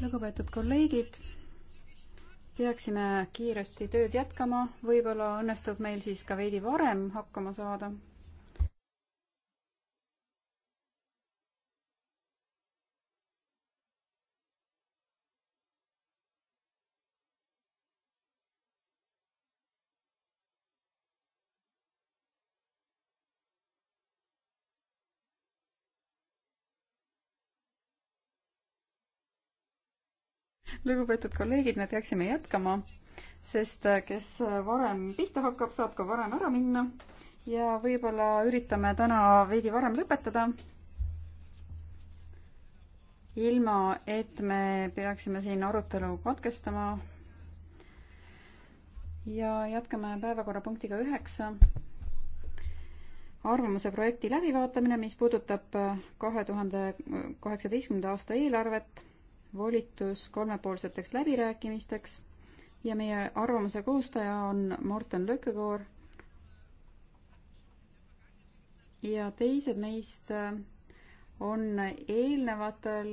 lugupeetud kolleegid, peaksime kiiresti tööd jätkama, võib-olla õnnestub meil siis ka veidi varem hakkama saada lugupeetud kolleegid, me peaksime jätkama, sest kes varem pihta hakkab, saab ka varem ära minna ja võib-olla üritame täna veidi varem lõpetada. ilma, et me peaksime siin arutelu katkestama. ja jätkame päevakorrapunktiga üheksa arvamuse projekti läbivaatamine, mis puudutab kahe tuhande kaheksateistkümnenda aasta eelarvet volitus kolmepoolseteks läbirääkimisteks ja meie arvamuse koostaja on Morten Løkkekoor ja teised meist on eelnevatel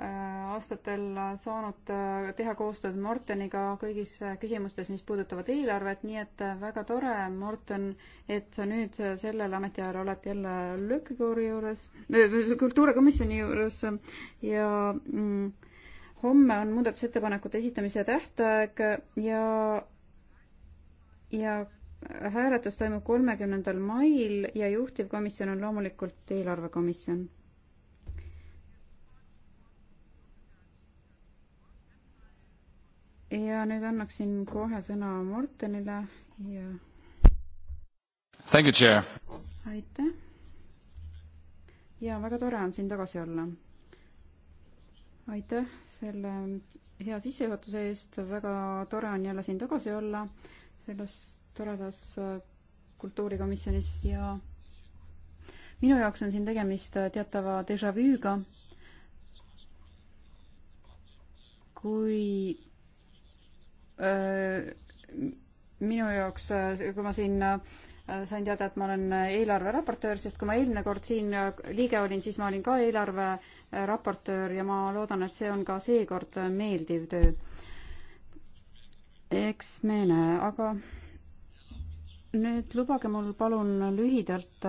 Äh, aastatel saanud äh, teha koostööd Morteniga kõigis äh, küsimustes, mis puudutavad eelarvet, nii et väga tore, Morten, et sa nüüd sellel ametiajal oled jälle Lõkkikoori juures, kultuurikomisjoni juures ja mm, homme on muudatusettepanekute esitamise tähtaeg ja, ja hääletus toimub kolmekümnendal mail ja juhtivkomisjon on loomulikult eelarvekomisjon ja nüüd annaksin kohe sõna Mortenile ja. Thank you, chair. aitäh. ja väga tore on siin tagasi olla. aitäh selle hea sissejuhatuse eest, väga tore on jälle siin tagasi olla selles toredas kultuurikomisjonis ja minu jaoks on siin tegemist teatava déjà vu'ga, kui Äh, minu jaoks, äh, kui ma siin äh, sain teada, et ma olen eelarveraportöör, sest kui ma eelmine kord siin liige olin, siis ma olin ka eelarveraportöör ja ma loodan, et see on ka seekord meeldiv töö. eks me näe, aga nüüd lubage mul palun lühidalt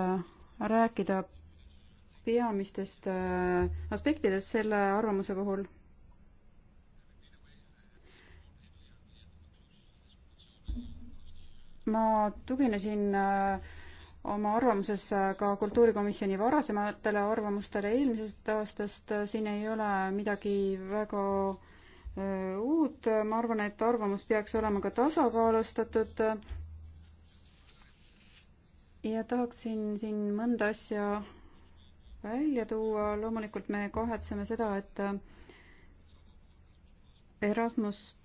rääkida peamistest aspektidest selle arvamuse puhul ma tuginesin äh, oma arvamuses äh, ka kultuurikomisjoni varasematele arvamustele eelmisest aastast, äh, siin ei ole midagi väga uut, ma arvan, et arvamus peaks olema ka tasakaalustatud. ja tahaksin siin mõnda asja välja tuua, loomulikult me kahetseme seda, et Erasmus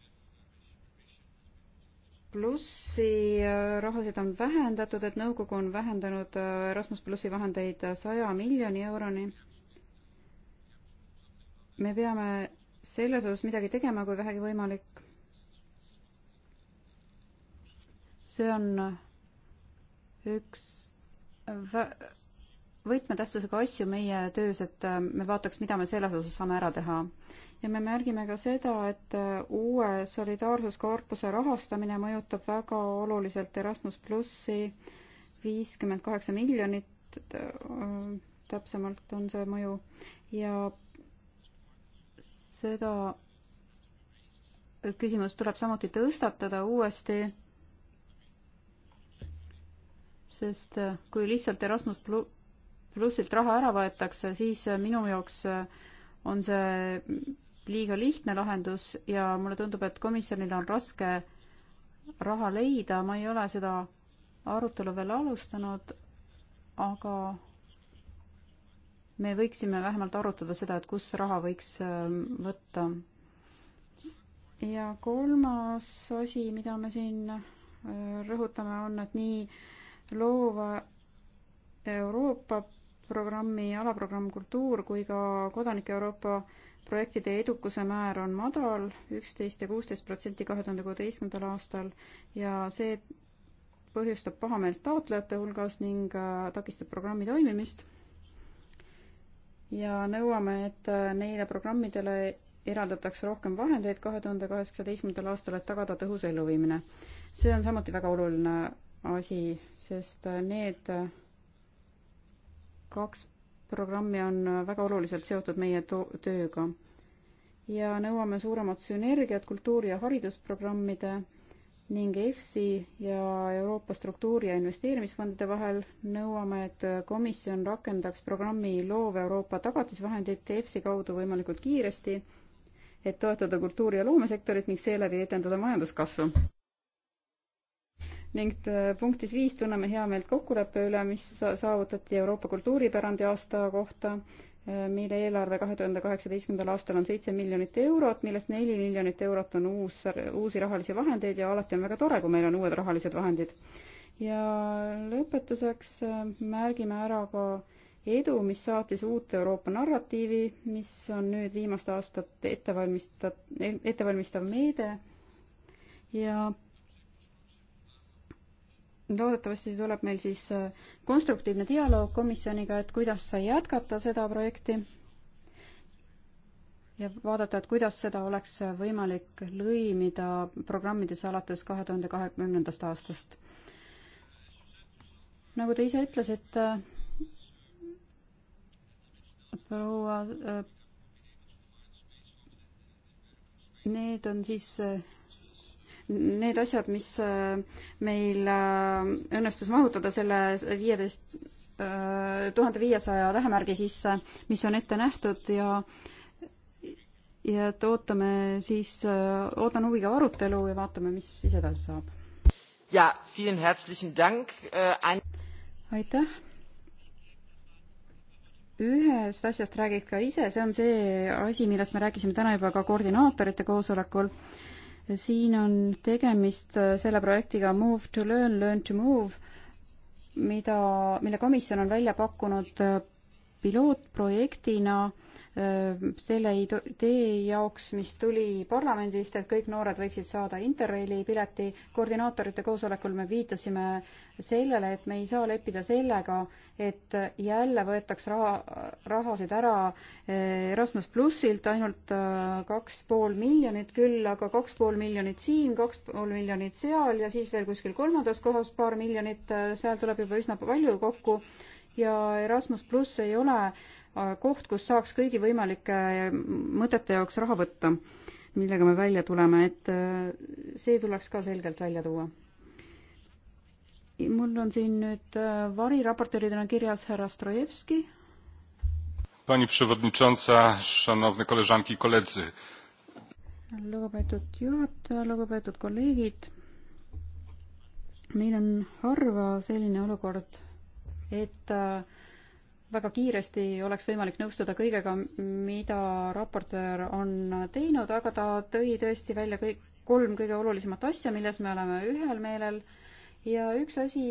plussi äh, rahasid on vähendatud, et nõukogu on vähendanud äh, Erasmus plussi vahendeid saja miljoni euroni. me peame selles osas midagi tegema, kui vähegi võimalik. see on üks võtmetähtsusega asju meie töös, et äh, me vaataks, mida me selles osas saame ära teha ja me märgime ka seda, et äh, uue solidaarsuskorpuse rahastamine mõjutab väga oluliselt Erasmus plussi viiskümmend kaheksa miljonit, äh, täpsemalt on see mõju ja seda küsimust tuleb samuti tõstatada uuesti sest äh, kui lihtsalt Erasmus plussilt raha ära võetakse, siis minu jaoks on see liiga lihtne lahendus ja mulle tundub, et komisjonil on raske raha leida, ma ei ole seda arutelu veel alustanud, aga me võiksime vähemalt arutada seda, et kus raha võiks ähm, võtta. ja kolmas asi, mida me siin äh, rõhutame, on, et nii loova Euroopa programmi alaprogramm Kultuur kui ka Kodanike Euroopa äh, projektide edukuse määr on madal, üksteist ja kuusteist protsenti kahe tuhande kuueteistkümnendal aastal ja see põhjustab pahameelt taotlejate hulgas ning äh, takistab programmi toimimist. ja nõuame, et äh, neile programmidele eraldatakse rohkem vahendeid kahe tuhande kaheksateistkümnendal aastal, et tagada tõhus elluviimine. see on samuti väga oluline asi, sest äh, need kaks programmi on väga oluliselt seotud meie tööga. ja nõuame suuremat sünergiat kultuuri- ja haridusprogrammide ning EFSI ja Euroopa struktuuri- ja investeerimisfondide vahel nõuame, et komisjon rakendaks programmi Loov Euroopa tagatisvahendit EFSI kaudu võimalikult kiiresti, et toetada kultuuri- ja loomesektorit ning seeläbi edendada majanduskasvu ning äh, punktis viis tunneme heameelt kokkuleppe üle, mis saavutati Euroopa kultuuripärandi aasta kohta, äh, mille eelarve kahe tuhande kaheksateistkümnendal aastal on seitse miljonit eurot, millest neli miljonit eurot on uus, uusi rahalisi vahendeid ja alati on väga tore, kui meil on uued rahalised vahendid. ja lõpetuseks äh, märgime ära ka edu, mis saatis uut Euroopa narratiivi, mis on nüüd viimaste aastate ettevalmistat-, e-, ettevalmistav meede ja loodetavasti tuleb meil siis äh, konstruktiivne dialoog komisjoniga, et kuidas jätkata seda projekti ja vaadata, et kuidas seda oleks võimalik lõimida programmides alates kahe tuhande kahekümnendast aastast. nagu te ise ütlesite, proua, äh, need on siis äh, need asjad, mis äh, meil äh, õnnestus mahutada selle viieteist, äh, tuhande viiesaja tähemärgi sisse, mis on ette nähtud ja ja et ootame siis, ootan huviga arutelu ja vaatame, mis siis edasi saab. ja, aitäh ühest asjast räägid ka ise, see on see asi, millest me rääkisime täna juba ka koordinaatorite koosolekul siin on tegemist äh, selle projektiga Move to learn, learn to move, mida, mille komisjon on välja pakkunud äh, pilootprojektina äh, selle idee jaoks, mis tuli parlamendist, et kõik noored võiksid saada Interraili pileti. koordinaatorite koosolekul me viitasime sellele, et me ei saa leppida sellega, et jälle võetaks raha, rahasid ära Erasmus plussilt ainult kaks pool miljonit küll, aga kaks pool miljonit siin, kaks pool miljonit seal ja siis veel kuskil kolmandas kohas paar miljonit, seal tuleb juba üsna palju kokku ja Erasmus pluss ei ole äh, koht, kus saaks kõigi võimalike mõtete jaoks raha võtta, millega me välja tuleme, et äh, see tuleks ka selgelt välja tuua mul on siin nüüd äh, variraportööridena kirjas härra Strojevski. Pani przewodnicząca, szanowne koleżanki i koledzy. lugupeetud juhataja, lugupeetud kolleegid. meil on harva selline olukord, et äh, väga kiiresti oleks võimalik nõustuda kõigega, mida raportöör on teinud, aga ta tõi tõesti välja kõik kolm kõige olulisemat asja, milles me oleme ühel meelel. ja üks asi,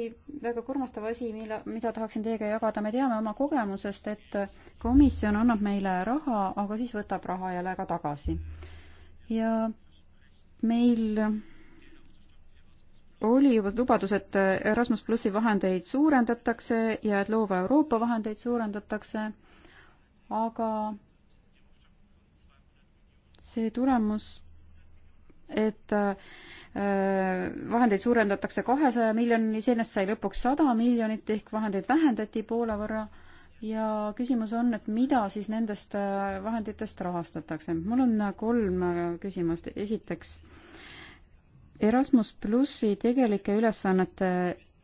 väga kurmastav asi, mille, mida tahaksin teiega jagada, me teame oma kogemusest, et komisjon annab meile raha, aga siis võtab raha jälle ka tagasi. ja meil oli juba lubadus, et Erasmus plussi vahendeid suurendatakse ja et loova Euroopa vahendeid suurendatakse, aga see tulemus, et äh, vahendeid suurendatakse kahesaja miljonini, sellest sai lõpuks sada miljonit ehk vahendeid vähendati poole võrra ja küsimus on, et mida siis nendest äh, vahenditest rahastatakse. mul on kolm äh, küsimust. esiteks äh, Erasmus plussi tegelike ülesannete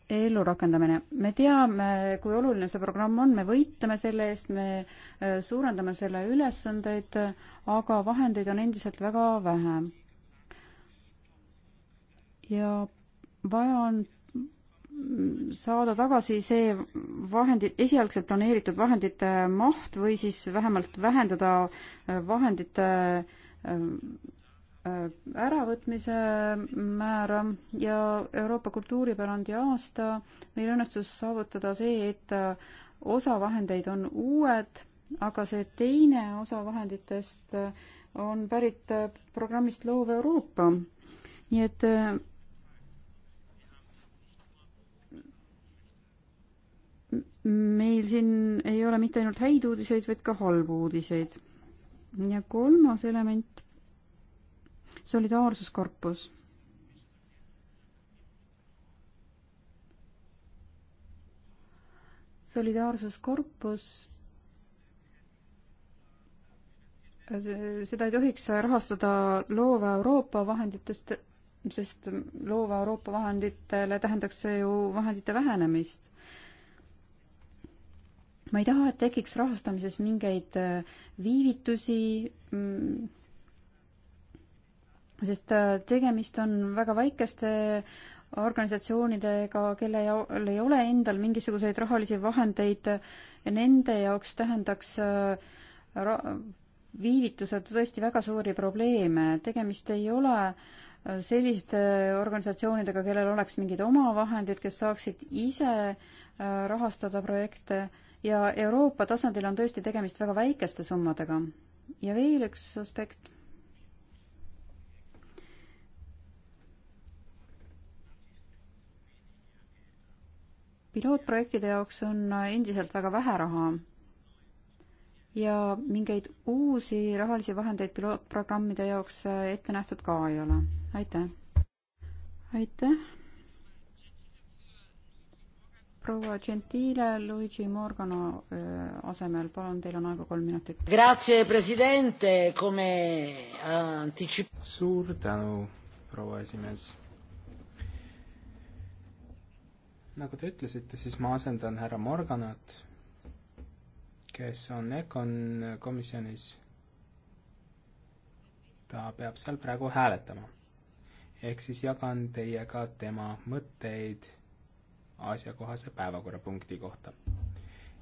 ellurakendamine. me teame, kui oluline see programm on, me võitleme selle eest, me äh, suurendame selle ülesandeid, aga vahendeid on endiselt väga vähe. ja vaja on saada tagasi see vahendid, esialgselt planeeritud vahendite maht või siis vähemalt vähendada äh, vahendite äh, Äh, äravõtmise määra ja Euroopa kultuuripärandi aasta meil õnnestus saavutada see, et äh, osa vahendeid on uued, aga see teine osa vahenditest äh, on pärit programmist Loov Euroopa. nii et meil siin ei ole mitte ainult häid uudiseid, vaid ka halbu uudiseid. ja kolmas element solidaarsuskorpus. solidaarsuskorpus, seda ei tohiks rahastada loova Euroopa vahenditest, sest loova Euroopa vahenditele tähendaks see ju vahendite vähenemist ma ei taha, et tekiks rahastamises mingeid viivitusi, mm, sest äh, tegemist on väga väikeste organisatsioonidega, kelle jaol ei ole endal mingisuguseid rahalisi vahendeid ja nende jaoks tähendaks äh, ra-, viivitused tõesti väga suuri probleeme, tegemist ei ole äh, selliste organisatsioonidega, kellel oleks mingid omavahendid, kes saaksid ise rahastada projekte ja Euroopa tasandil on tõesti tegemist väga väikeste summadega. ja veel üks aspekt pilootprojektide jaoks on endiselt väga vähe raha ja mingeid uusi rahalisi vahendeid pilootprogrammide jaoks ette nähtud ka ei ole. aitäh! aitäh! proua Gentile Luigi Morgano asemel, palun, teil on aega kolm minutit. Grazie, presidente, come eh, anticip-. suur tänu, proua esimees nagu te ütlesite, siis ma asendan härra Morganat, kes on EKON komisjonis. ta peab seal praegu hääletama. ehk siis jagan teiega tema mõtteid asjakohase päevakorrapunkti kohta.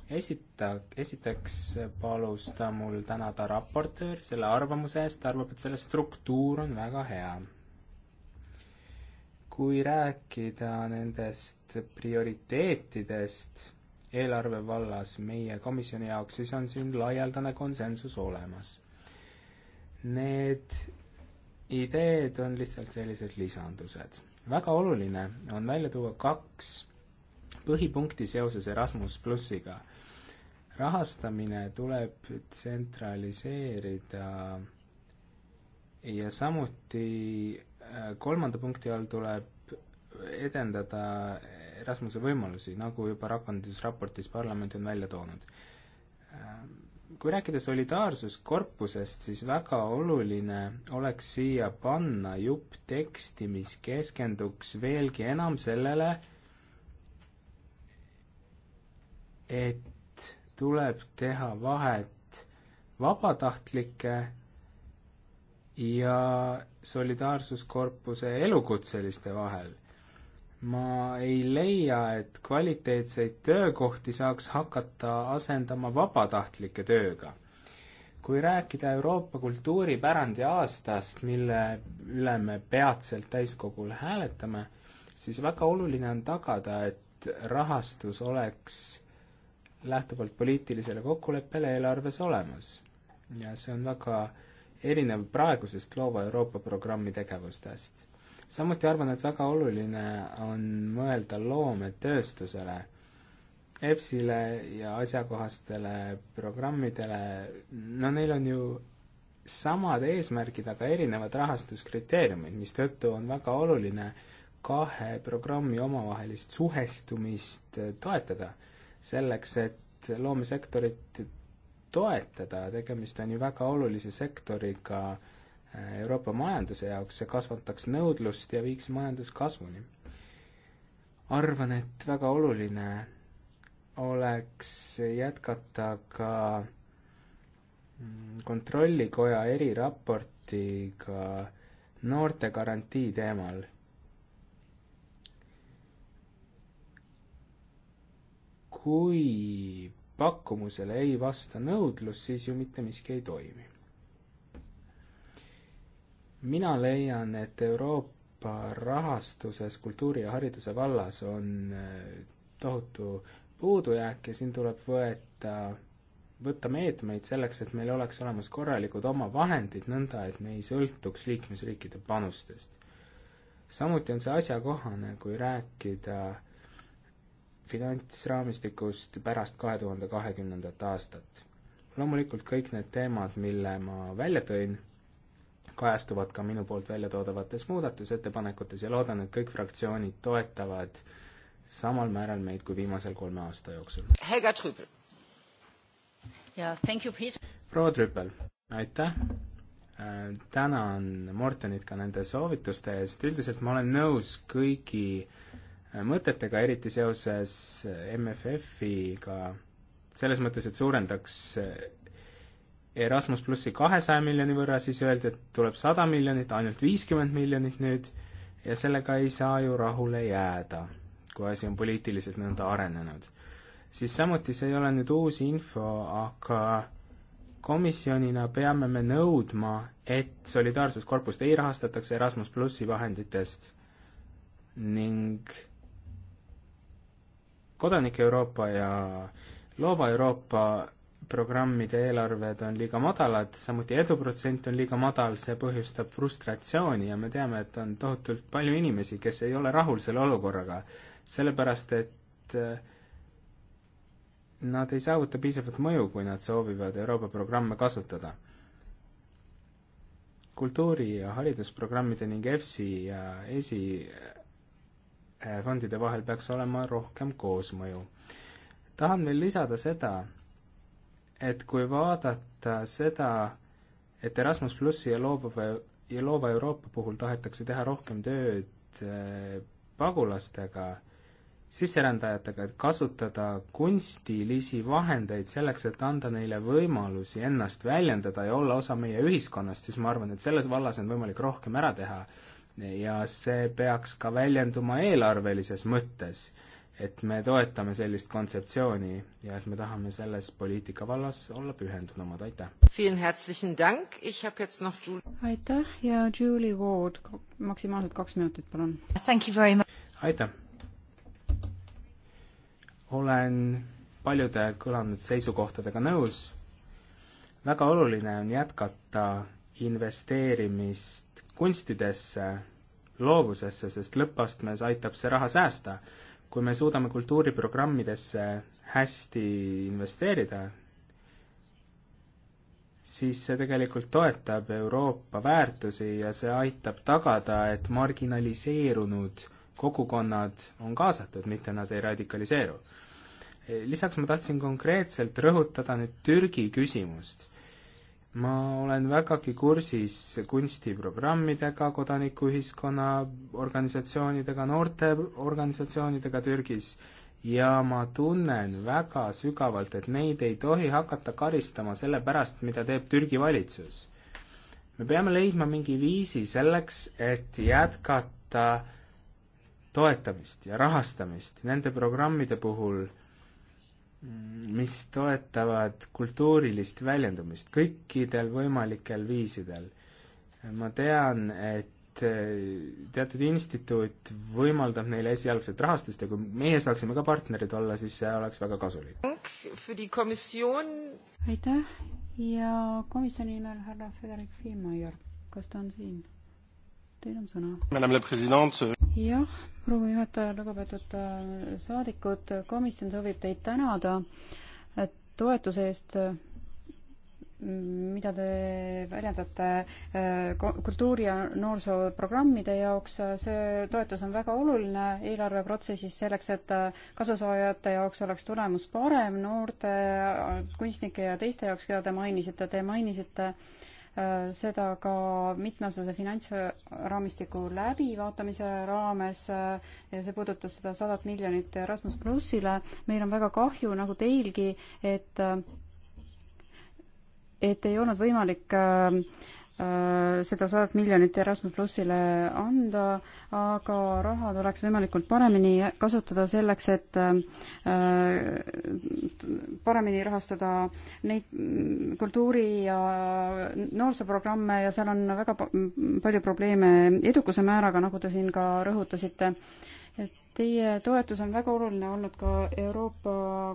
esita, esiteks palus ta mul tänada raportööri selle arvamuse eest, ta arvab, et selle struktuur on väga hea kui rääkida nendest prioriteetidest eelarve vallas meie komisjoni jaoks, siis on siin laialdane konsensus olemas. Need ideed on lihtsalt sellised lisandused. väga oluline on välja tuua kaks põhipunkti seoses Erasmus plussiga. rahastamine tuleb tsentraliseerida ja samuti kolmanda punkti all tuleb edendada Erasmuse võimalusi, nagu juba rakendusraportis parlament on välja toonud. kui rääkida solidaarsuskorpusest, siis väga oluline oleks siia panna jupp teksti, mis keskenduks veelgi enam sellele, et tuleb teha vahet vabatahtlike ja solidaarsuskorpuse elukutseliste vahel. ma ei leia, et kvaliteetseid töökohti saaks hakata asendama vabatahtlike tööga. kui rääkida Euroopa kultuuripärandi aastast, mille üle me peatselt täiskogul hääletame, siis väga oluline on tagada, et rahastus oleks lähtuvalt poliitilisele kokkuleppele eelarves olemas. ja see on väga äh, erinev praegusest Loova Euroopa programmi tegevustest. samuti arvan, et väga oluline on mõelda loometööstusele, EFSile ja asjakohastele programmidele, no neil on ju samad eesmärgid, aga erinevad rahastuskriteeriumid, mistõttu on väga oluline kahe programmi omavahelist suhestumist toetada, selleks et loomesektorit toetada, tegemist on ju väga olulise sektoriga äh, Euroopa majanduse jaoks, see kasvataks nõudlust ja viiks majanduskasvuni. arvan, et väga oluline oleks jätkata ka mm, kontrollikoja eriraportiga noorte garantii teemal kui pakkumusele ei vasta nõudlus, siis ju mitte miski ei toimi. mina leian, et Euroopa rahastuses kultuuri ja hariduse vallas on äh, tohutu puudujääk ja siin tuleb võeta, võtta meetmeid selleks, et meil oleks olemas korralikud omavahendid, nõnda et me ei sõltuks liikmesriikide panustest. samuti on see asjakohane, kui rääkida äh, finantsraamistikust pärast kahe tuhande kahekümnendat aastat. loomulikult kõik need teemad, mille ma välja tõin, kajastuvad ka minu poolt välja toodavates muudatusettepanekutes ja loodan, et kõik fraktsioonid toetavad samal määral meid kui viimasel kolme aasta jooksul. Helga Trüppel. jaa, thank you, Peter. proua Trüppel, aitäh äh,! tänan Mortenit ka nende soovituste eest, üldiselt ma olen nõus kõigi äh, mõtetega, eriti seoses MFF-iga, selles mõttes, et suurendaks Erasmus plussi kahesaja miljoni võrra, siis öeldi, et tuleb sada miljonit, ainult viiskümmend miljonit nüüd, ja sellega ei saa ju rahule jääda, kui asi on poliitiliselt nõnda arenenud. siis samuti, see ei ole nüüd uus info, aga komisjonina peame me nõudma, et Solidaarsuskorpust ei rahastataks Erasmus plussi vahenditest ning kodanik Euroopa ja loova Euroopa programmide eelarved on liiga madalad, samuti eduprotsent on liiga madal, see põhjustab frustratsiooni ja me teame, et on tohutult palju inimesi, kes ei ole rahul selle olukorraga, sellepärast et eh, nad ei saavuta piisavat mõju, kui nad soovivad Euroopa programme kasutada. kultuuri- ja haridusprogrammide ning EFSI ja ESI fondide vahel peaks olema rohkem koosmõju. tahan veel lisada seda, et kui vaadata seda, et Erasmus plussi ja loobuva, ja loova Euroopa puhul tahetakse teha rohkem tööd äh, pagulastega, sisserändajatega, et kasutada kunstilisi vahendeid selleks, et anda neile võimalusi ennast väljendada ja olla osa meie ühiskonnast, siis ma arvan, et selles vallas on võimalik rohkem ära teha ja see peaks ka väljenduma eelarvelises mõttes, et me toetame sellist kontseptsiooni ja et me tahame selles poliitika vallas olla pühendunumad, aitäh! aitäh ja Julie Ward, maksimaalselt kaks minutit, palun! aitäh! olen paljude kõlanud seisukohtadega nõus, väga oluline on jätkata investeerimist kunstidesse, loovusesse, sest lõppastmes aitab see raha säästa. kui me suudame kultuuriprogrammidesse hästi investeerida, siis see tegelikult toetab Euroopa väärtusi ja see aitab tagada, et marginaliseerunud kogukonnad on kaasatud, mitte nad ei radikaliseeru. lisaks ma tahtsin konkreetselt rõhutada nüüd Türgi küsimust ma olen vägagi kursis kunstiprogrammidega, kodanikuühiskonna organisatsioonidega, noorteorganisatsioonidega Türgis ja ma tunnen väga sügavalt, et neid ei tohi hakata karistama selle pärast, mida teeb Türgi valitsus. me peame leidma mingi viisi selleks, et jätkata toetamist ja rahastamist nende programmide puhul Mm, mis toetavad kultuurilist väljendumist kõikidel võimalikel viisidel. ma tean, et eh, teatud instituut võimaldab neile esialgset rahastust ja kui meie saaksime ka partnerid olla, siis see oleks väga kasulik. aitäh ja komisjoni nimel härra Federik Filmajärv, kas ta on siin? teil on sõna. Euh, jah, proua juhataja, lugupeetud äh, saadikud, komisjon soovib teid tänada äh, toetuse eest äh, mida te väljendate kultuuri- ja noorsooprogrammide jaoks, see toetus on väga oluline eelarveprotsessis selleks, et kasusaajate jaoks oleks tulemus parem, noorte kunstnike ja teiste jaoks, keda te mainisite, te mainisite äh, Äh, seda ka mitmeaastase finantsraamistiku läbivaatamise raames äh, ja see puudutas seda sadat miljonit Erasmus plussile. meil on väga kahju, nagu teilgi, et äh, et ei olnud võimalik äh, Äh, seda sadat miljonit Erasmus plussile anda, aga raha tuleks võimalikult paremini kasutada selleks, et äh, paremini rahastada neid kultuuri- ja noorsooprogramme ja seal on väga palju probleeme edukuse määraga, nagu te siin ka rõhutasite Teie toetus on väga oluline olnud ka Euroopa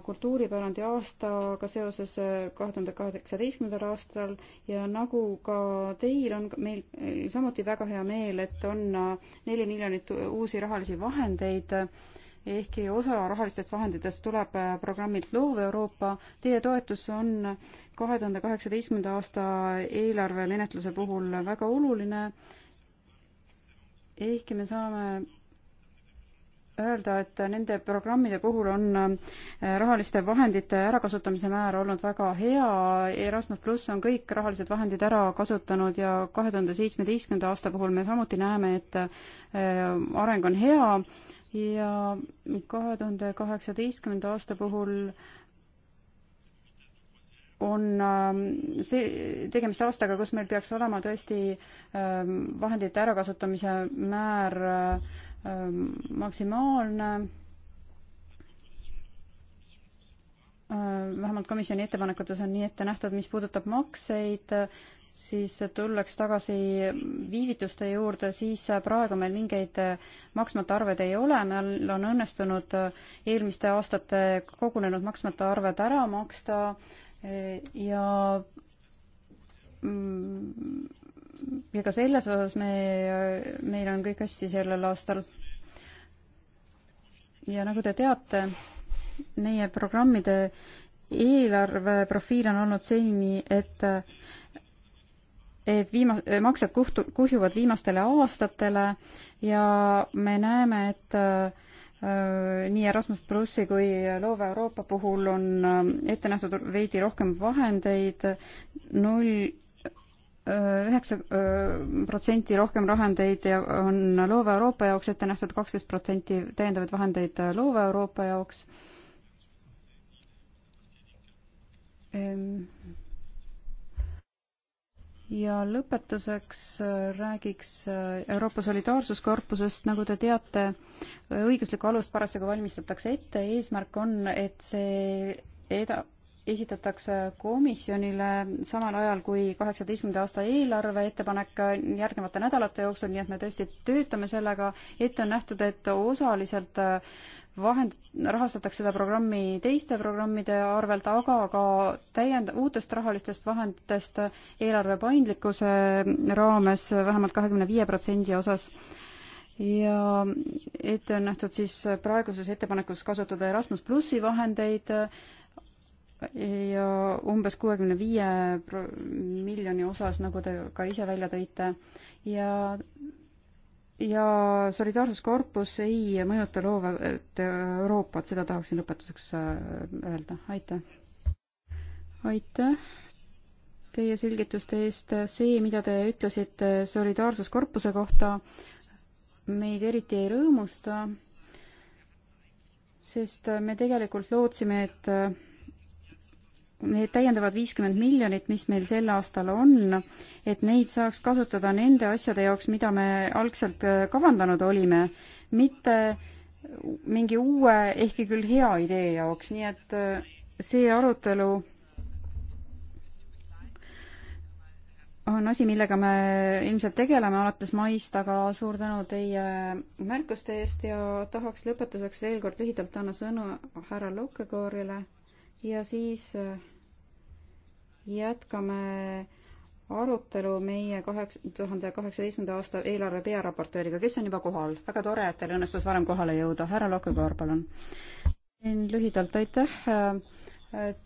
kultuuripärandi aastaga seoses eh, kahe tuhande kaheksateistkümnendal aastal ja nagu ka teil on meil eh, samuti väga hea meel, et on eh, neli miljonit uusi rahalisi vahendeid, ehkki osa rahalistest vahenditest tuleb programmilt Loov Euroopa. Teie toetus on kahe tuhande kaheksateistkümnenda aasta eelarvemenetluse puhul väga oluline, ehkki me saame öelda, et nende programmide puhul on äh, rahaliste vahendite ärakasutamise määr olnud väga hea, Erasmus pluss on kõik rahalised vahendid ära kasutanud ja kahe tuhande seitsmeteistkümnenda aasta puhul me samuti näeme, et äh, areng on hea ja kahe tuhande kaheksateistkümnenda aasta puhul on ähm, see, tegemist aastaga, kus meil peaks olema tõesti ähm, vahendite ärakasutamise määr äh, maksimaalne vähemalt komisjoni ettepanekutes on nii ette nähtud, mis puudutab makseid, siis tullaks tagasi viivituste juurde, siis praegu meil mingeid maksmata arveid ei ole, meil on õnnestunud eelmiste aastate kogunenud maksmata arved ära maksta ja mm, ja ka selles osas me, meil on kõik hästi sellel aastal. ja nagu te teate, meie programmide eelarveprofiil on olnud seni, et et viima-, maksed kuhtu-, kuhjuvad viimastele aastatele ja me näeme, et äh, nii Erasmus plussi kui Loova Euroopa puhul on äh, ette nähtud veidi rohkem vahendeid, null üheksa protsenti rohkem vahendeid ja on loova Euroopa jaoks ette nähtud kaksteist protsenti täiendavaid vahendeid loova Euroopa jaoks. Ehm. ja lõpetuseks äh, räägiks äh, Euroopa Solidaarsuskorpusest, nagu te teate, õiguslikku alust parasjagu valmistatakse ette, eesmärk on, et see eda-, esitatakse komisjonile samal ajal kui kaheksateistkümnenda aasta eelarve ettepanek järgnevate nädalate jooksul, nii et me tõesti töötame sellega. ette on nähtud, et osaliselt äh, vahend, rahastatakse seda programmi teiste programmide arvelt, aga ka täiend-, uutest rahalistest vahenditest eelarve paindlikkuse raames vähemalt kahekümne viie protsendi osas ja ette on nähtud siis praeguses ettepanekus kasutada Erasmus plussi vahendeid, ja umbes kuuekümne viie miljoni osas, nagu te ka ise välja tõite, ja ja solidaarsuskorpus ei mõjuta loovat Euroopat, seda tahaksin lõpetuseks äh, öelda, aitäh. aitäh teie selgituste eest, see, mida te ütlesite solidaarsuskorpuse kohta, meid eriti ei rõõmusta, sest me tegelikult lootsime, et need täiendavad viiskümmend miljonit, mis meil sel aastal on, et neid saaks kasutada nende asjade jaoks, mida me algselt äh, kavandanud olime, mitte mingi uue, ehkki küll hea idee jaoks, nii et äh, see arutelu on asi, millega me ilmselt tegeleme alates maist, aga suur tänu teie märkuste eest ja tahaks lõpetuseks veel kord lühidalt anda sõnu härra Lukkekoorile ja siis äh, jätkame arutelu meie kaheksa, tuhande kaheksateistkümnenda aasta eelarve pearaportööriga, kes on juba kohal. väga tore, et teil õnnestus varem kohale jõuda. härra Lokekaar, palun. teen lühidalt aitäh äh,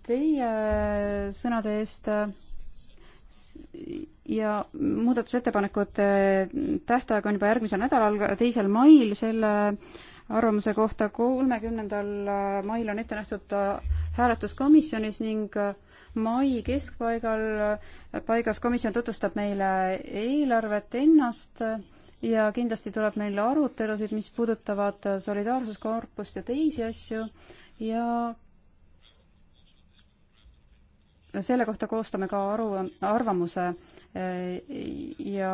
teie sõnade eest ja muudatusettepanekute tähtaeg on juba järgmisel nädalal, teisel mail selle arvamuse kohta, kolmekümnendal mail on ette nähtud äh, hääletus komisjonis ning äh, mai keskpaigal, äh, paigas komisjon tutvustab meile eelarvet ennast äh, ja kindlasti tuleb meil arutelusid, mis puudutavad solidaarsuskorpust ja teisi asju ja selle kohta koostame ka aru, arvamuse ja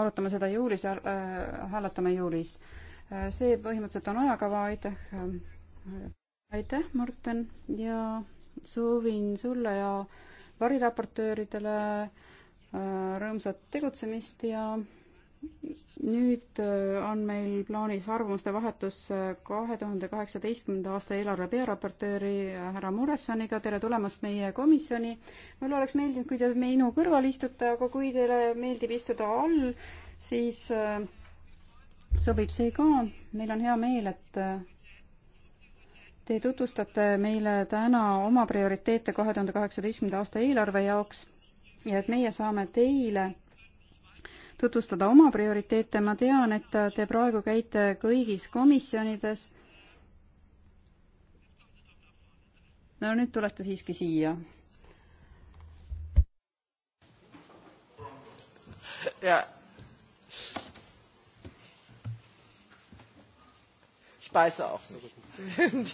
arutame seda juulis ja hääletame juulis. see põhimõtteliselt on ajakava, aitäh aitäh, Martin ja soovin sulle ja variraportööridele äh, rõõmsat tegutsemist ja nüüd äh, on meil plaanis arvamuste vahetus äh, kahe tuhande kaheksateistkümnenda aasta eelarve pearaportööri härra Muressoniga. tere tulemast meie komisjoni. mul oleks meeldinud, kui te minu kõrval istute, aga kui teile meeldib istuda all, siis sobib see ka. meil on hea meel, et Te tutvustate meile täna oma prioriteete kahe tuhande kaheksateistkümnenda aasta eelarve jaoks ja et meie saame teile tutvustada oma prioriteete. ma tean, et te praegu käite kõigis komisjonides. no nüüd tulete siiski siia Ja. Ich beiße auch nicht.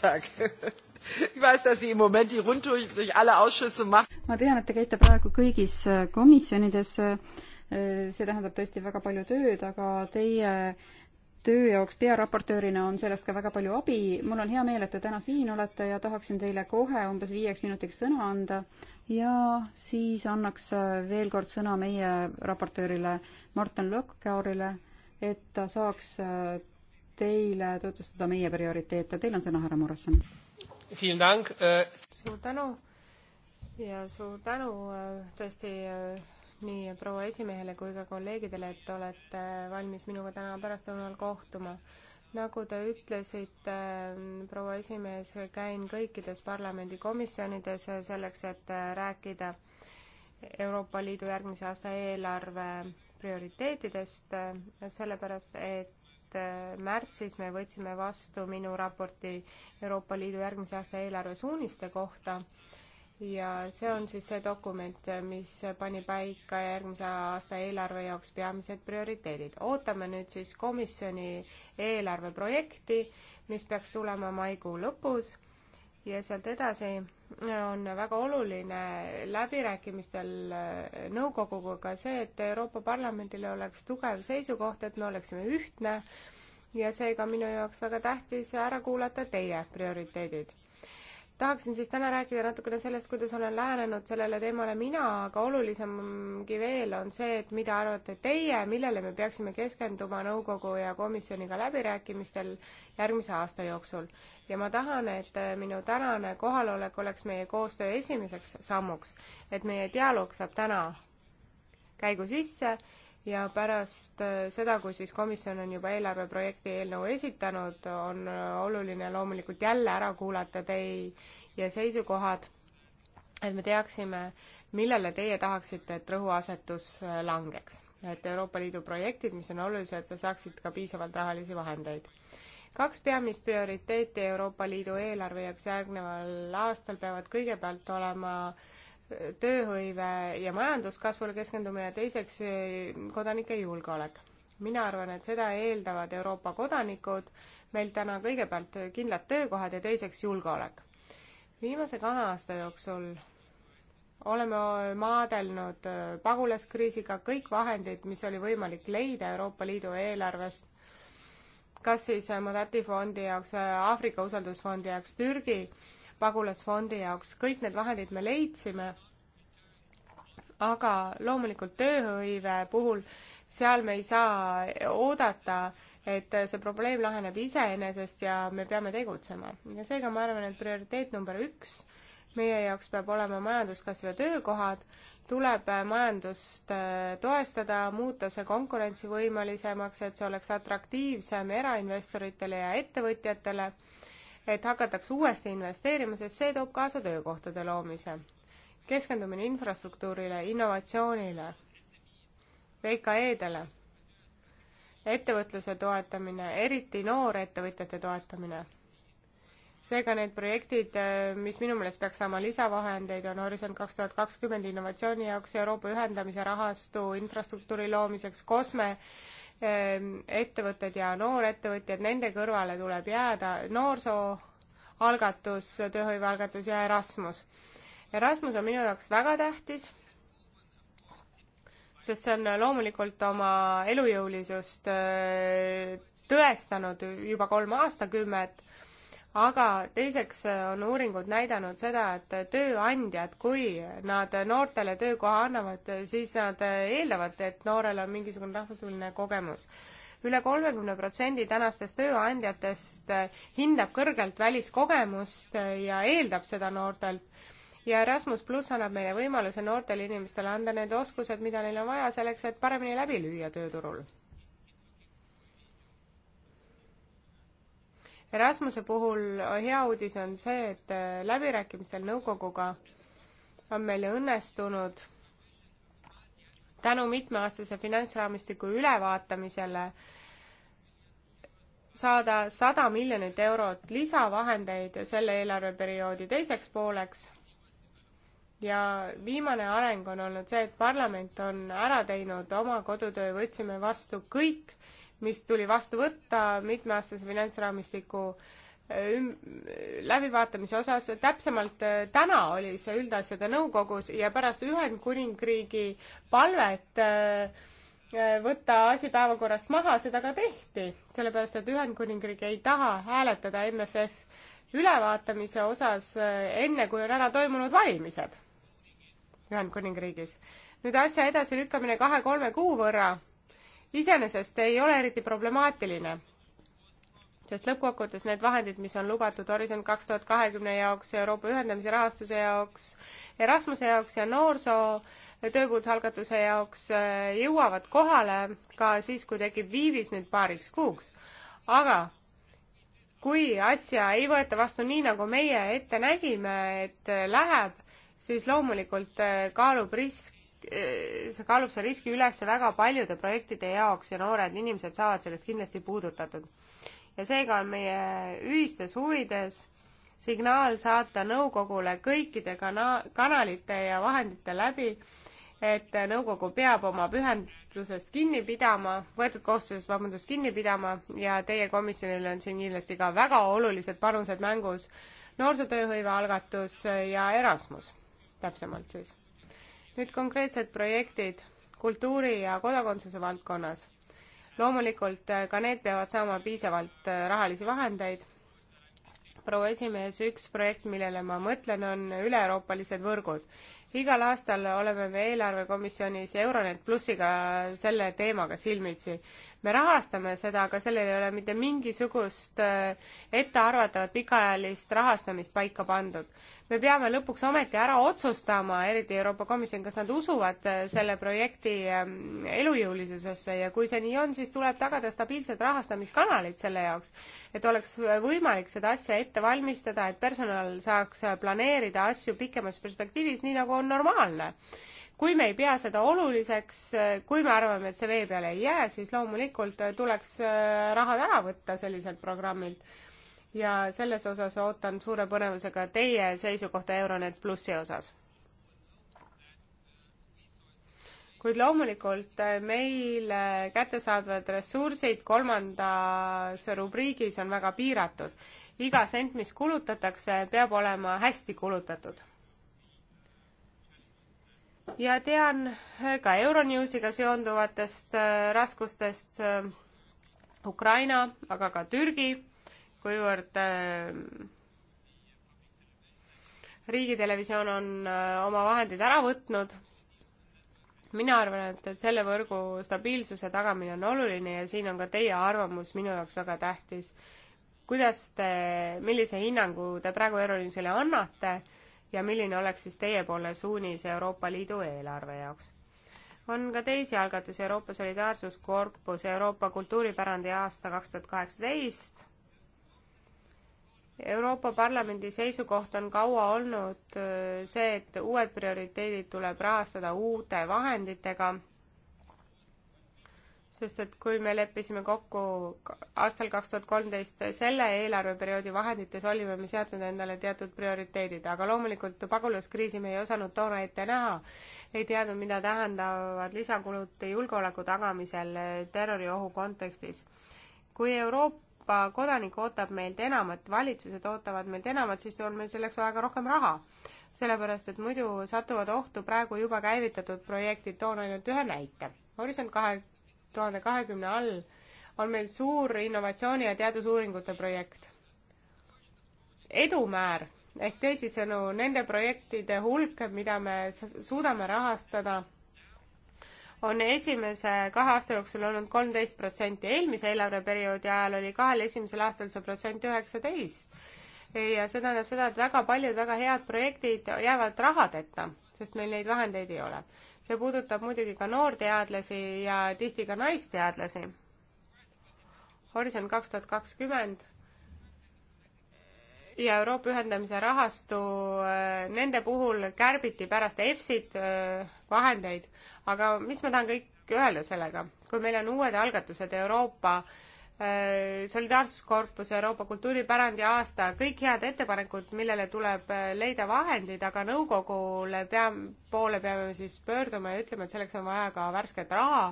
Dank. Ich weiß, dass Sie im Moment die Rundtour durch alle Ausschüsse machen. ma tean, et te käite praegu kõigis äh, komisjonides, äh, see tähendab tõesti väga palju tööd, aga teie töö jaoks pearaportöörina on sellest ka väga palju abi. mul on hea meel, et te täna siin olete ja tahaksin teile kohe umbes viieks minutiks sõna anda ja siis annaks äh, veel kord sõna meie raportöörile Martin Lõkkaurile, et ta saaks teile tutvustada meie prioriteete. Teil on sõna, härra Morrison. Äh, suur tänu ja suur tänu äh, tõesti äh, nii proua esimehele kui ka kolleegidele, et olete valmis minuga täna pärastlõunal kohtuma. nagu te ütlesite, proua esimees, käin kõikides parlamendikomisjonides selleks, et rääkida Euroopa Liidu järgmise aasta eelarve prioriteetidest, sellepärast et et äh, märtsis me võtsime vastu minu raporti Euroopa Liidu järgmise aasta eelarve suuniste kohta ja see on siis see dokument, mis pani paika järgmise aasta eelarve jaoks peamised prioriteedid. ootame nüüd siis komisjoni eelarveprojekti, mis peaks tulema maikuu lõpus ja sealt edasi on väga oluline läbirääkimistel nõukoguga ka see, et Euroopa Parlamendil oleks tugev seisukoht, et me oleksime ühtne ja seega minu jaoks väga tähtis ära kuulata teie prioriteedid tahaksin siis täna rääkida natukene sellest, kuidas olen lähenenud sellele teemale mina, aga olulisemgi veel on see, et mida arvate teie, millele me peaksime keskenduma nõukogu ja komisjoniga läbirääkimistel järgmise aasta jooksul. ja ma tahan, et minu tänane kohalolek oleks meie koostöö esimeseks sammuks, et meie dialoog saab täna käigu sisse ja pärast äh, seda, kui siis komisjon on juba eelarveprojekti eelnõu esitanud, on äh, oluline loomulikult jälle ära kuulata teie seisukohad, et me teaksime, millele teie tahaksite, et rõhuasetus äh, langeks. et Euroopa Liidu projektid, mis on olulised, saaksid ka piisavalt rahalisi vahendeid kaks peamist prioriteeti Euroopa Liidu eelarve jaoks järgneval aastal peavad kõigepealt olema äh, tööhõive ja majanduskasvule keskendumine ja teiseks eh, kodanike julgeolek. mina arvan, et seda eeldavad Euroopa kodanikud meil täna kõigepealt kindlad töökohad ja teiseks julgeolek. viimase kahe aasta jooksul oleme maadelnud eh, pagulaskriisiga kõik vahendid, mis oli võimalik leida Euroopa Liidu eelarvest, kas siis Modati fondi jaoks, Aafrika usaldusfondi jaoks, Türgi äh, pagulasfondi jaoks, kõik need vahendid me leidsime, aga loomulikult tööhõive puhul, seal me ei saa oodata, et see probleem laheneb iseenesest ja me peame tegutsema. ja seega ma arvan, et prioriteet number üks meie jaoks peab olema majanduskasv ja töökohad, tuleb majandust äh, toestada, muuta see konkurentsivõimelisemaks, et see oleks atraktiivsem erainvestoritele ja ettevõtjatele et hakatakse uuesti investeerima, sest see toob kaasa töökohtade loomise. keskendumine infrastruktuurile, innovatsioonile, VKE-dele, ettevõtluse toetamine, eriti noorettevõtjate toetamine seega need projektid, mis minu meelest peaks saama lisavahendeid, on Horisont kaks tuhat kakskümmend innovatsiooni jaoks, Euroopa ühendamise rahastu infrastruktuuri loomiseks, COSME Ehm, ettevõtted ja noorettevõtjad, nende kõrvale tuleb jääda noorsooalgatus, tööhõivealgatus ja Erasmus. Erasmus on minu jaoks väga tähtis, sest see on loomulikult oma elujõulisust äh, tõestanud juba kolm aastakümmet aga teiseks äh, on uuringud näidanud seda, et äh, tööandjad, kui nad äh, noortele töökoha annavad, siis nad eeldavad, et noorel on mingisugune rahvusvaheline kogemus üle. üle kolmekümne protsendi tänastest tööandjatest hindab kõrgelt väliskogemust ja eeldab seda noortelt ja Erasmus pluss annab meile võimaluse noortele inimestele anda need oskused, mida neil on vaja selleks, et paremini läbi lüüa tööturul Erasmuse puhul hea uudis on see, et äh, läbirääkimistel nõukoguga on meil õnnestunud tänu mitmeaastase finantsraamistiku ülevaatamisele saada sada miljonit eurot lisavahendeid selle eelarveperioodi teiseks pooleks. ja viimane areng on olnud see, et parlament on ära teinud oma kodutöö, võtsime vastu kõik mis tuli vastu võtta mitmeaastase finantsraamistiku eh, üm-, läbivaatamise osas, täpsemalt eh, täna oli see üldasjade nõukogus ja pärast Ühendkuningriigi palvet eh, võtta asi päevakorrast maha, seda ka tehti, sellepärast et Ühendkuningriik ei taha hääletada MFF ülevaatamise osas enne, kui on ära toimunud valimised Ühendkuningriigis. nüüd asja edasilükkamine kahe-kolme kuu võrra iseenesest ei ole eriti problemaatiline, sest lõppkokkuvõttes need vahendid, mis on lubatud Horisont kaks tuhat kahekümne jaoks, Euroopa ühendamise rahastuse jaoks, Erasmuse jaoks ja noorsoo tööpuuduse algatuse jaoks, äh, jõuavad kohale ka siis, kui tekib viivis nüüd paariks kuuks. aga kui asja ei võeta vastu nii, nagu meie ette nägime, et äh, läheb, siis loomulikult äh, kaalub risk Eh, see kaalub see riski üles väga paljude projektide jaoks ja noored inimesed saavad sellest kindlasti puudutatud. ja seega on meie ühistes huvides signaal saata nõukogule kõikide kana-, kanalite ja vahendite läbi, et nõukogu peab oma pühendusest kinni pidama, võetud kohustusest, vabandust, kinni pidama ja teie komisjonil on siin kindlasti ka väga olulised panused mängus, noorsootööhõive algatus ja Erasmus täpsemalt siis nüüd konkreetsed projektid kultuuri ja kodakondsuse valdkonnas. loomulikult äh, ka need peavad saama piisavalt äh, rahalisi vahendeid. proua esimees, üks projekt, millele ma mõtlen, on üle-euroopalised võrgud. igal aastal oleme me eelarvekomisjonis Euronet plussiga selle teemaga silmitsi me rahastame seda, aga sellel ei ole mitte mingisugust äh, ettearvatavat pikaajalist rahastamist paika pandud. me peame lõpuks ometi ära otsustama, eriti Euroopa Komisjon, kas nad usuvad äh, selle projekti ähm, elujõulisusesse ja kui see nii on, siis tuleb tagada stabiilsed rahastamiskanalid selle jaoks, et oleks võimalik seda asja ette valmistada, et personal saaks planeerida asju pikemas perspektiivis, nii nagu on normaalne kui me ei pea seda oluliseks, kui me arvame, et see vee peale ei jää, siis loomulikult tuleks äh, rahad ära võtta selliselt programmilt. ja selles osas ootan suure põnevusega teie seisukohta Euronet Plussi osas. kuid loomulikult äh, meile kättesaadavad ressursid kolmandas rubriigis on väga piiratud. iga sent, mis kulutatakse, peab olema hästi kulutatud ja tean äh, ka Euronewsiga seonduvatest äh, raskustest äh, Ukraina, aga ka Türgi, kuivõrd riigitelevisioon on oma vahendid ära võtnud. mina arvan, et, et selle võrgu stabiilsuse tagamine on oluline ja siin on ka teie arvamus minu jaoks väga tähtis. kuidas te, millise hinnangu te praegu Euronewsile annate ja milline oleks siis teiepoolne suunis Euroopa Liidu eelarve jaoks? on ka teisi algatusi, Euroopa Solidaarsuskorpus, Euroopa kultuuripärandi aasta kaks tuhat kaheksateist, Euroopa Parlamendi seisukoht on kaua olnud äh, see, et uued prioriteedid tuleb rahastada uute vahenditega sest et kui me leppisime kokku aastal kaks tuhat kolmteist selle eelarveperioodi vahendites, olime me seadnud endale teatud prioriteedid, aga loomulikult pagulaskriisi me ei osanud toona ette näha. ei teadnud, mida tähendavad lisakulud julgeoleku tagamisel terroriohu kontekstis. kui Euroopa kodanik ootab meilt enamat, valitsused ootavad meilt enamat, siis on meil selleks vaja ka rohkem raha. sellepärast, et muidu satuvad ohtu praegu juba käivitatud projektid, toon ainult ühe näite. Horisont kahe tuhande kahekümne all, on meil suur innovatsiooni ja teadusuuringute projekt. edumäär ehk teisisõnu nende projektide hulk, mida me suudame rahastada, on esimese kahe aasta jooksul olnud kolmteist protsenti, eelmise eelarveperioodi ajal oli kahel esimesel aastal see protsent üheksateist. ja see tähendab seda, et väga paljud väga head projektid jäävad rahadeta sest meil neid vahendeid ei ole. see puudutab muidugi ka noorteadlasi ja tihti ka naisteadlasi. Horisont kaks tuhat kakskümmend ja Euroopa ühendamise rahastu, äh, nende puhul kärbiti pärast EFSit äh, vahendeid, aga mis ma tahan kõik öelda sellega, kui meil on uued algatused Euroopa äh, Äh, solidaarsuskorpus, Euroopa kultuuripärandi aasta, kõik head ettepanekud, millele tuleb äh, leida vahendid, aga nõukogule pea, poole peame siis pöörduma ja ütlema, et selleks on vaja ka värsket raha,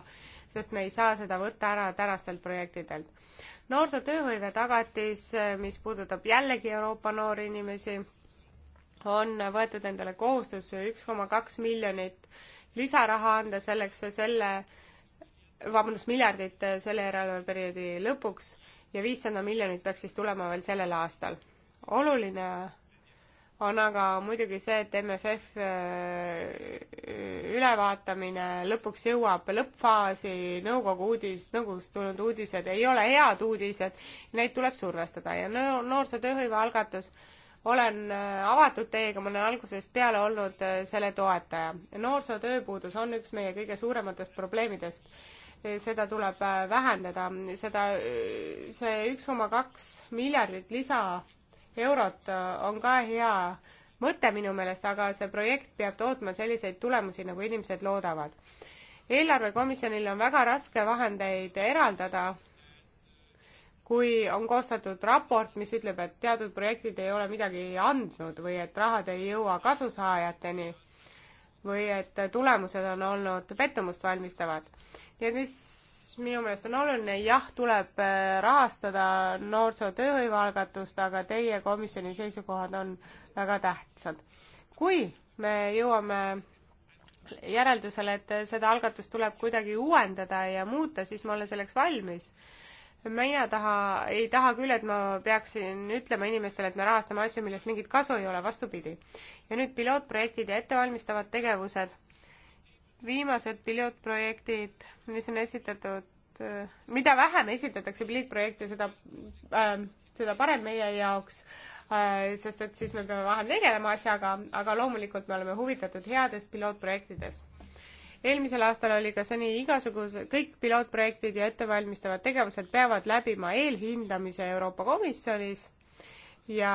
sest me ei saa seda võtta ära tänastelt projektidelt. noorsootööhõive tagatis, äh, mis puudutab jällegi Euroopa noori inimesi, on võetud endale kohustus üks koma kaks miljonit lisaraha anda selleks ja selle vabandust, miljardit äh, selle järelevalveperioodi lõpuks ja viissada miljonit peaks siis tulema veel sellel aastal. oluline on aga muidugi see, et MFF äh, ülevaatamine lõpuks jõuab lõppfaasi, nõukogu uudis, nõukogust tulnud uudised ei ole head uudised, neid tuleb survestada ja noorsootööhõive algatus, olen äh, avatud teiega, ma olen algusest peale olnud selle toetaja. noorsootööpuudus on üks meie kõige suurematest probleemidest seda tuleb äh, vähendada, seda, äh, see üks koma kaks miljardit lisaeurot äh, on ka hea mõte minu meelest, aga see projekt peab tootma selliseid tulemusi, nagu inimesed loodavad. eelarvekomisjonil on väga raske vahendeid eraldada, kui on koostatud raport, mis ütleb, et teatud projektid ei ole midagi andnud või et rahad ei jõua kasusaajateni või et tulemused on olnud pettumust valmistavad. nii et mis minu meelest on oluline, jah, tuleb äh, rahastada noorsootööhõive algatust, aga teie komisjoni seisukohad on väga tähtsad. kui me jõuame järeldusele, et seda algatust tuleb kuidagi uuendada ja muuta, siis ma olen selleks valmis mina taha, ei taha küll, et ma peaksin ütlema inimestele, et me rahastame asju, millest mingit kasu ei ole, vastupidi. ja nüüd pilootprojektid ja ettevalmistavad tegevused. viimased pilootprojektid, mis on esitatud, mida vähem esitatakse pilootprojekte, seda äh,, seda parem meie jaoks äh,, sest et siis me peame vähem tegelema asjaga, aga loomulikult me oleme huvitatud headest pilootprojektidest eelmisel aastal oli ka seni igasuguse, kõik pilootprojektid ja ettevalmistavad tegevused peavad läbima eelhindamise Euroopa Komisjonis ja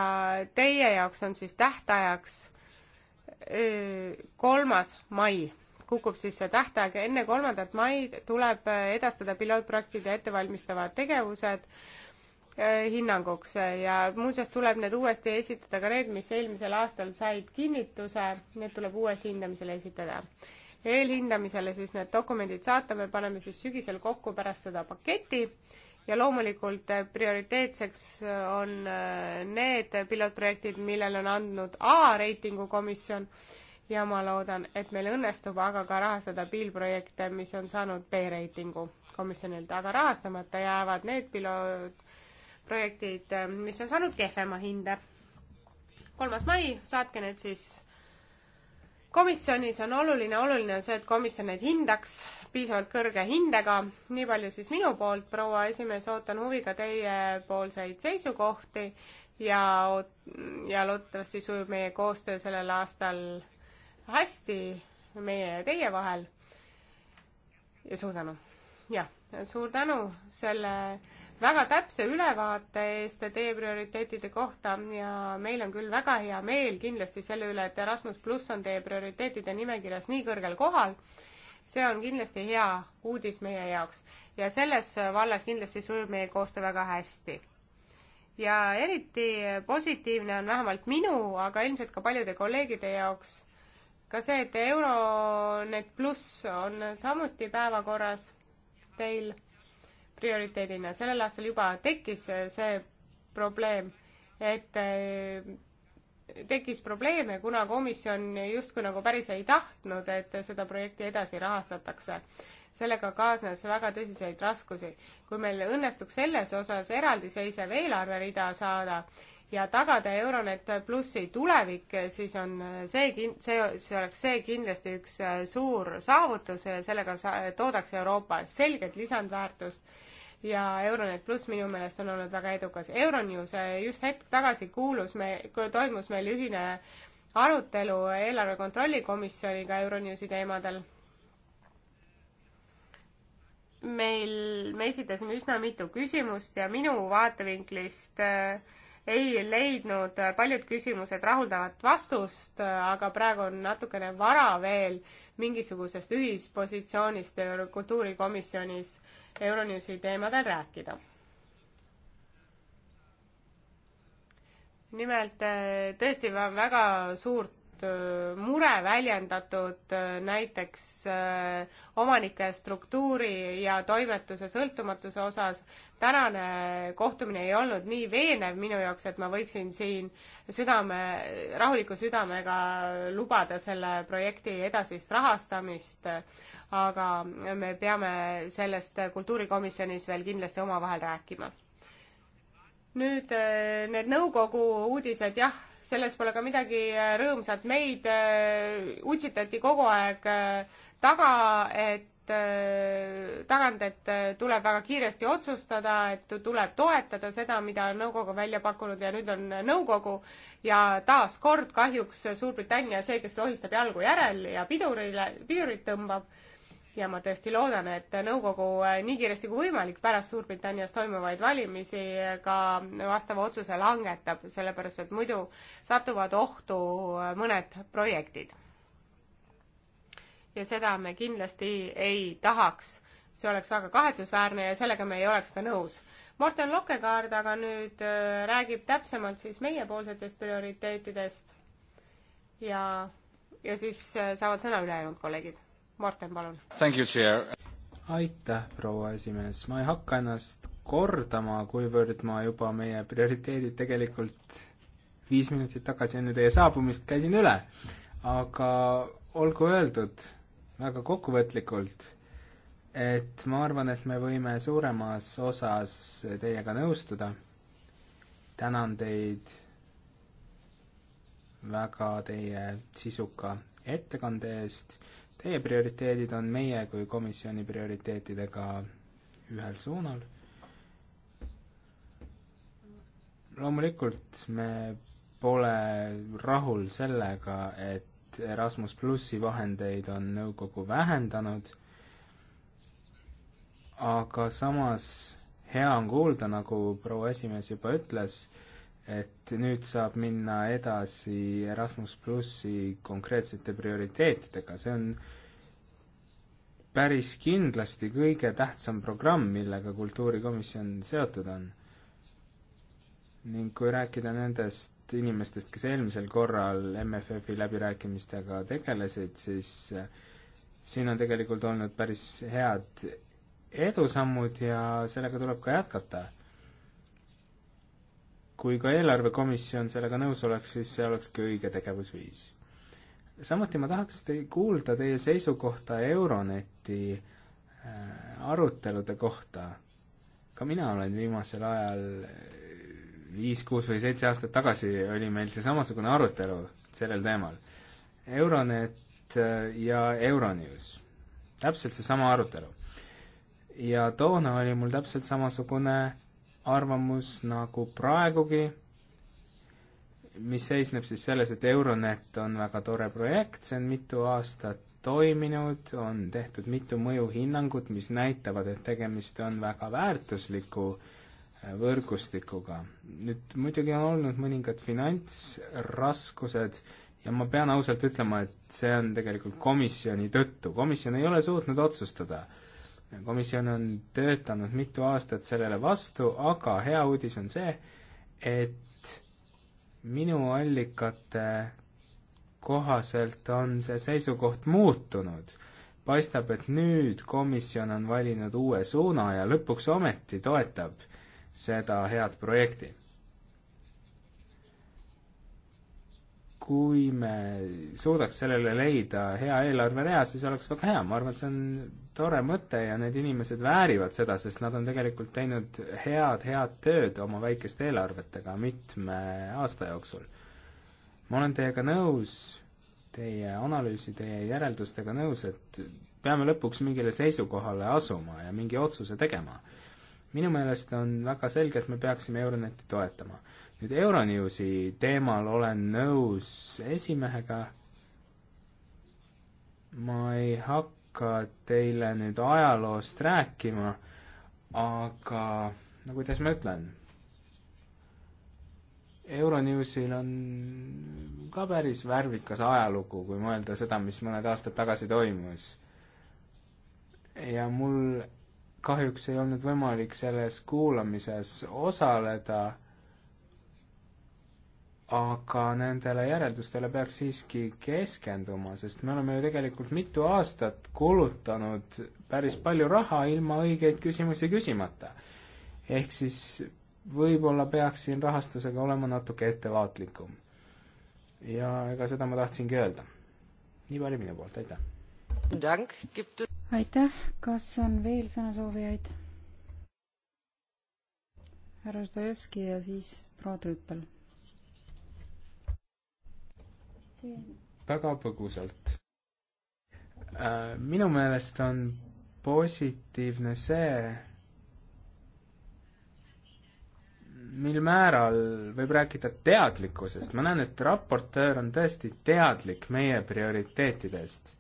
teie jaoks on siis tähtajaks kolmas mai, kukub siis see tähtaeg, enne kolmandat maid tuleb edastada pilootprojektid ja ettevalmistavad tegevused hinnanguks ja muuseas tuleb need uuesti esitada ka need, mis eelmisel aastal said kinnituse, need tuleb uuesti hindamisele esitada eelhindamisele siis need dokumendid saata, me paneme siis sügisel kokku pärast seda paketi ja loomulikult eh, prioriteetseks eh, on eh, need pilootprojektid, millele on andnud A-reitingu komisjon ja ma loodan, et meil õnnestub aga ka rahastada piilprojekte, mis on saanud B-reitingu komisjonilt, aga rahastamata jäävad need pilootprojektid, mis on saanud kehvema hinde. kolmas mai, saatke need siis komisjonis on oluline, oluline on see, et komisjon neid hindaks piisavalt kõrge hindega. nii palju siis minu poolt, proua esimees, ootan huviga teiepoolseid seisukohti ja, ja loodetavasti sujub meie koostöö sellel aastal hästi meie ja teie vahel. ja suur tänu. jah, suur tänu selle väga täpse ülevaate eest teie prioriteetide kohta ja meil on küll väga hea meel kindlasti selle üle, et Erasmus pluss on teie prioriteetide nimekirjas nii kõrgel kohal. see on kindlasti hea uudis meie jaoks ja selles vallas kindlasti sujub meie koostöö väga hästi ja eriti positiivne on vähemalt minu, aga ilmselt ka paljude kolleegide jaoks ka see, et Euronet pluss on samuti päevakorras teil prioriteedina. sellel aastal juba tekkis äh, see probleem, et äh, tekkis probleeme, kuna komisjon justkui nagu päris ei tahtnud, et seda projekti edasi rahastatakse. sellega kaasnes väga tõsiseid raskusi. kui meil õnnestuks selles osas eraldiseisev eelarverida saada ja tagada Euronet plussi tulevik, siis on äh, see kin-, see, see oleks see kindlasti üks suur saavutus ja sellega sa-, toodaks Euroopa selget lisandväärtust ja Euronet pluss minu meelest on olnud väga edukas. Euronews eh, just hetk tagasi kuulus me, toimus meil ühine arutelu eelarve kontrolli komisjoniga Euronewsi teemadel. meil, me esitasime üsna mitu küsimust ja minu vaatevinklist äh, ei leidnud äh, paljud küsimused rahuldavat vastust, äh, aga praegu on natukene vara veel mingisugusest ühispositsioonist kultuurikomisjonis Euronewsi teemadel rääkida. nimelt äh, tõesti väga suurt Äh, mure väljendatud äh, näiteks äh, omanike struktuuri ja toimetuse sõltumatuse osas. tänane kohtumine ei olnud nii veenev minu jaoks, et ma võiksin siin südame, rahuliku südamega lubada selle projekti edasist rahastamist. aga me peame sellest kultuurikomisjonis veel kindlasti omavahel rääkima nüüd need nõukogu uudised, jah, selles pole ka midagi äh, rõõmsat, meid äh, utsitati kogu aeg äh, taga, et tagant, et tuleb väga kiiresti otsustada, et tuleb toetada seda, mida on nõukogu välja pakkunud ja nüüd on nõukogu ja taaskord kahjuks Suurbritannia see, kes lohistab jalgu järel ja pidurile, pidurit tõmbab ja ma tõesti loodan, et nõukogu äh, nii kiiresti kui võimalik pärast Suurbritannias toimuvaid valimisi äh, ka vastava otsuse langetab, sellepärast et muidu satuvad ohtu äh, mõned projektid. ja seda me kindlasti ei tahaks, see oleks väga kahetsusväärne ja sellega me ei oleks ka nõus. Morten Lokekaard aga nüüd räägib täpsemalt siis meiepoolsetest prioriteetidest ja, ja siis saavad sõna ülejäänud kolleegid Morten, palun. aitäh, proua esimees, ma ei hakka ennast kordama, kuivõrd ma juba meie prioriteedid tegelikult viis minutit tagasi enne teie saabumist käisin üle. aga olgu öeldud väga kokkuvõtlikult, et ma arvan, et me võime suuremas osas teiega nõustuda. tänan teid väga teie sisuka ettekande eest Teie prioriteedid on meie kui komisjoni prioriteetidega ühel suunal. loomulikult me pole rahul sellega, et Erasmus plussi vahendeid on nõukogu vähendanud, aga samas hea on kuulda, nagu proua esimees juba ütles, et nüüd saab minna edasi Erasmus plussi konkreetsete prioriteetidega, see on päris kindlasti kõige tähtsam programm, millega kultuurikomisjon seotud on. ning kui rääkida nendest inimestest, kes eelmisel korral MFF-i läbirääkimistega tegelesid, siis eh, siin on tegelikult olnud päris head edusammud ja sellega tuleb ka jätkata kui ka eelarvekomisjon sellega nõus oleks, siis see olekski õige tegevusviis. samuti ma tahaks te kuulda teie seisukohta Euroneti äh, arutelude kohta. ka mina olen viimasel ajal, äh, viis, kuus või seitse aastat tagasi oli meil see samasugune arutelu sellel teemal. Euronet äh, ja Euronews, täpselt seesama arutelu. ja toona oli mul täpselt samasugune arvamus nagu praegugi, mis seisneb siis selles, et Euronet on väga tore projekt, see on mitu aastat toiminud, on tehtud mitu mõjuhinnangut, mis näitavad, et tegemist on väga väärtusliku äh, võrgustikuga. nüüd muidugi on olnud mõningad finantsraskused ja ma pean ausalt ütlema, et see on tegelikult komisjoni tõttu, komisjon ei ole suutnud otsustada komisjon on töötanud mitu aastat sellele vastu, aga hea uudis on see, et minu allikate kohaselt on see seisukoht muutunud. paistab, et nüüd komisjon on valinud uue suuna ja lõpuks ometi toetab seda head projekti. kui me suudaks sellele leida hea eelarverea, siis oleks väga hea, ma arvan, et see on tore mõte ja need inimesed väärivad seda, sest nad on tegelikult teinud head, head tööd oma väikeste eelarvetega mitme aasta jooksul. ma olen teiega nõus, teie analüüsi, teie järeldustega nõus, et peame lõpuks mingile seisukohale asuma ja mingi otsuse tegema. minu meelest on väga selge, et me peaksime Euroneti toetama. nüüd Euronewsi teemal olen nõus esimehega, ma ei hakka hakka teile nüüd ajaloost rääkima, aga no nagu kuidas ma ütlen, Euronewsil on ka päris värvikas ajalugu, kui mõelda seda, mis mõned aastad tagasi toimus. ja mul kahjuks ei olnud võimalik selles kuulamises osaleda aga nendele järeldustele peaks siiski keskenduma, sest me oleme ju tegelikult mitu aastat kulutanud päris palju raha ilma õigeid küsimusi küsimata. ehk siis võib-olla peaks siin rahastusega olema natuke ettevaatlikum. ja ega seda ma tahtsingi öelda. nii palju minu poolt, aitäh! aitäh, kas on veel sõnasoovijaid? härra Zdojevski ja siis proua Trüüpel väga põgusalt. Äh, minu meelest on positiivne see, mil määral võib rääkida teadlikkusest, ma näen, et raportöör on tõesti teadlik meie prioriteetidest.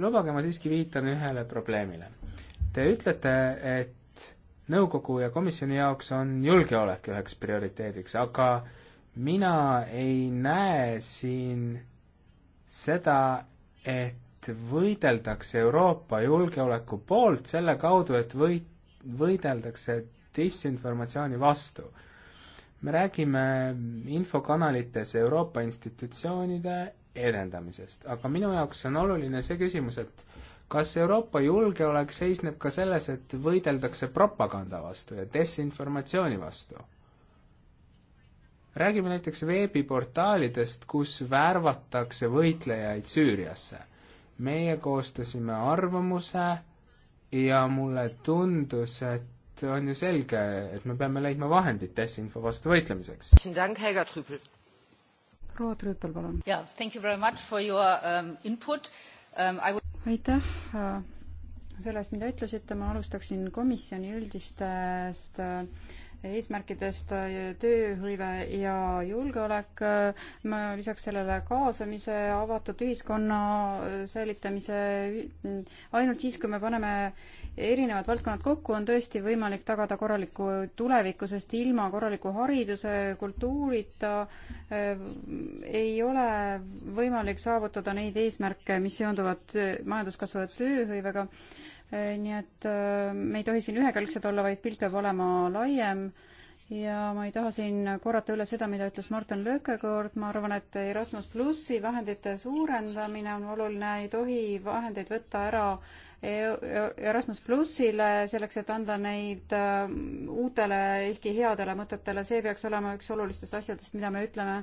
lubage, ma siiski viitan ühele probleemile. Te ütlete, et nõukogu ja komisjoni jaoks on julgeolek üheks prioriteediks, aga äh, mina ei näe siin seda, et võideldakse Euroopa julgeoleku poolt selle kaudu, et või-, võideldakse disinformatsiooni vastu. me räägime infokanalites Euroopa institutsioonide edendamisest, aga minu jaoks on oluline see küsimus, et kas Euroopa julgeolek seisneb ka selles, et võideldakse propaganda vastu ja desinformatsiooni vastu? räägime näiteks veebiportaalidest, kus värvatakse võitlejaid Süüriasse. meie koostasime arvamuse ja mulle tundus, et on ju selge, et me peame leidma vahendid desinfo vastu võitlemiseks. proua Trüüpel, palun. Um, um, aitäh äh, selle eest, mida ütlesite, ma alustaksin komisjoni üldistest äh, eesmärkidest äh, tööhõive ja julgeolek, äh, lisaks sellele kaasamise, avatud ühiskonna äh, säilitamise, ainult siis, kui me paneme erinevad valdkonnad kokku, on tõesti võimalik tagada korralikku tulevikku, sest ilma korraliku hariduse, kultuurita ei ole võimalik saavutada neid eesmärke, mis seonduvad majanduskasvu ja tööhõivega Äh, nii et äh, me ei tohi siin ühekülgsed olla, vaid pilt peab olema laiem ja ma ei taha siin korrata üle seda, mida ütles Martin Löökekoord, ma arvan, et Erasmus plussi vahendite suurendamine on oluline, ei tohi vahendeid võtta ära Erasmus plussile, selleks et anda neid ähm, uutele, ehkki headele mõtetele, see peaks olema üks olulistest asjadest, mida me ütleme.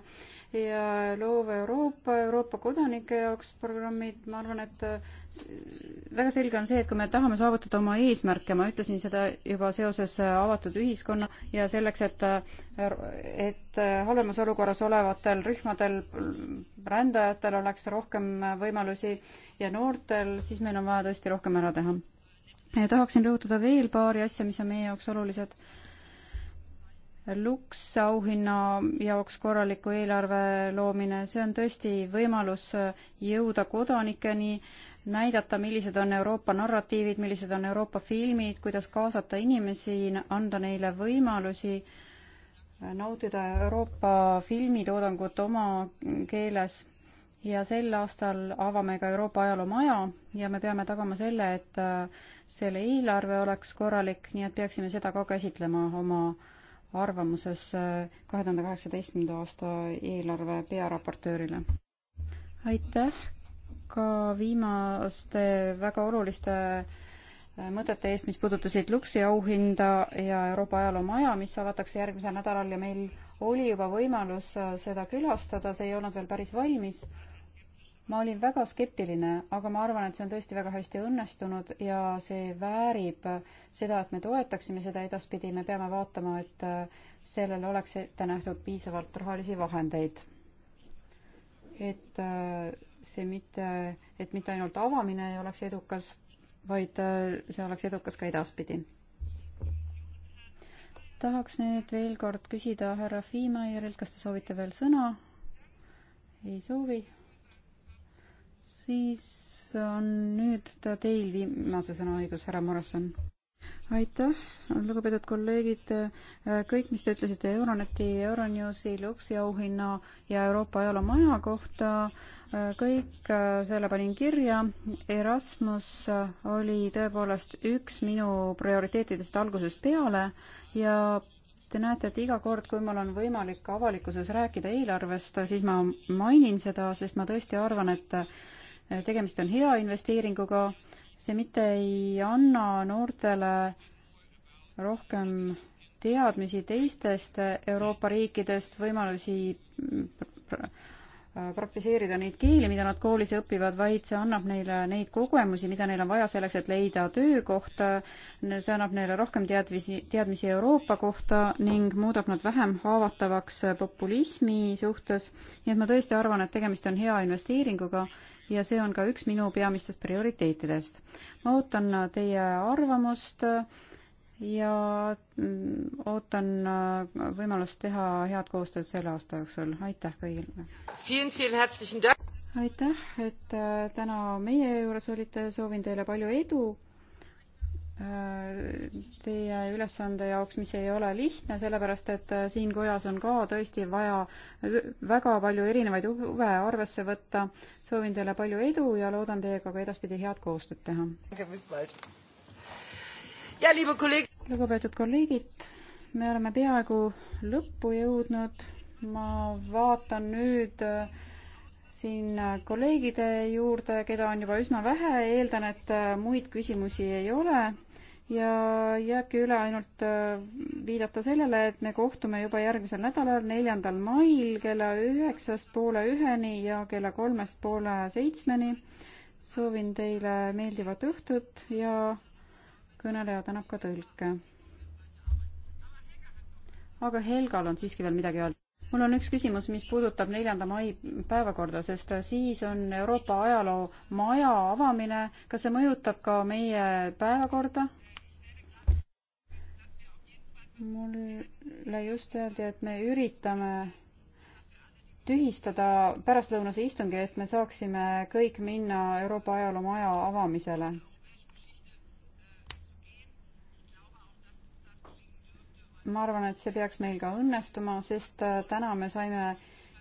ja loov Euroopa, Euroopa kodanike jaoks programmid, ma arvan, et äh, väga selge on see, et kui me tahame saavutada oma eesmärke, ma ütlesin seda juba seoses äh, avatud ühiskonna ja selleks, et, äh, et halvemas olukorras olevatel rühmadel, rändajatel oleks rohkem võimalusi ja noortel, siis meil on vaja tõesti rohkem ära teha. ja tahaksin rõhutada veel paari asja, mis on meie jaoks olulised. Lux auhinna jaoks korraliku eelarve loomine, see on tõesti võimalus jõuda kodanikeni, näidata, millised on Euroopa narratiivid, millised on Euroopa filmid, kuidas kaasata inimesi, anda neile võimalusi nautida Euroopa filmitoodangut oma keeles ja sel aastal avame ka Euroopa ajaloo maja ja me peame tagama selle, et äh, selle eelarve oleks korralik, nii et peaksime seda ka käsitlema oma arvamuses äh, kahe tuhande kaheksateistkümnenda aasta eelarve pearaportöörile. aitäh ka viimaste väga oluliste äh, mõtete eest, mis puudutasid Luksi auhinda ja Euroopa ajaloo maja, mis avatakse järgmisel nädalal ja meil oli juba võimalus seda külastada, see ei olnud veel päris valmis ma olin väga skeptiline, aga ma arvan, et see on tõesti väga hästi õnnestunud ja see väärib seda, et me toetaksime seda edaspidi, me peame vaatama, et äh, sellele oleks ette nähtud piisavalt rahalisi vahendeid. et äh, see mitte, et mitte ainult avamine ei oleks edukas, vaid äh, see oleks edukas ka edaspidi. tahaks nüüd veel kord küsida härra Fiimaierilt, kas te soovite veel sõna? ei soovi siis on nüüd teil viimase sõna õigus, härra Morrison. aitäh, lugupeetud kolleegid, kõik, mis te ütlesite Euroneti, Euronewsi, Luxi auhinna ja Euroopa ajaloo maja kohta, kõik äh, selle panin kirja. Erasmus oli tõepoolest üks minu prioriteetidest algusest peale ja Te näete, et iga kord, kui mul on võimalik avalikkuses rääkida eelarvest, siis ma mainin seda, sest ma tõesti arvan, et tegemist on hea investeeringuga, see mitte ei anna noortele rohkem teadmisi teistest Euroopa riikidest, võimalusi praktiseerida neid keeli, mida nad koolis õpivad, vaid see annab neile neid kogemusi, mida neil on vaja selleks, et leida töökoht, see annab neile rohkem teadmisi, teadmisi Euroopa kohta ning muudab nad vähem haavatavaks populismi suhtes, nii et ma tõesti arvan, et tegemist on hea investeeringuga ja see on ka üks minu peamistest prioriteetidest. ma ootan teie arvamust ja ootan võimalust teha head koostööd selle aasta jooksul, aitäh kõigile! aitäh, et äh, täna meie juures olite, soovin teile palju edu teie ülesande jaoks, mis ei ole lihtne, sellepärast et äh, siin kojas on ka tõesti vaja väga palju erinevaid huve arvesse võtta. soovin teile palju edu ja loodan teiega ka edaspidi head koostööd teha. lugupeetud kolleegid, me oleme peaaegu lõppu jõudnud. ma vaatan nüüd äh, siin äh, kolleegide juurde, keda on juba üsna vähe, eeldan, et muid küsimusi ei ole ja jääbki üle ainult äh, viidata sellele, et me kohtume juba järgmisel nädalal, neljandal mail kella üheksast poole üheni ja kella kolmest poole seitsmeni. soovin teile meeldivat õhtut ja kõneleja tänab ka tõlke. aga Helgal on siiski veel midagi öelda mul on üks küsimus, mis puudutab neljanda mai päevakorda, sest siis on Euroopa ajaloo maja avamine. kas see mõjutab ka meie päevakorda? mulle just öeldi, et me üritame tühistada pärastlõunase istungi, et me saaksime kõik minna Euroopa ajaloo maja avamisele. ma arvan, et see peaks meil ka õnnestuma, sest täna me saime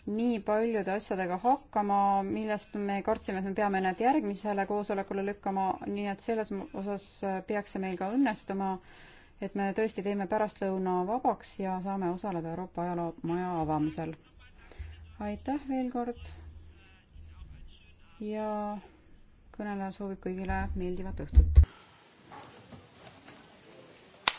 nii paljude asjadega hakkama, millest me kartsime, et me peame need järgmisele koosolekule lükkama, nii et selles osas peaks see meil ka õnnestuma et me tõesti teeme pärastlõuna vabaks ja saame osaleda Euroopa ajaloomaja avamisel. aitäh veel kord ja kõneleja soovib kõigile meeldivat õhtut!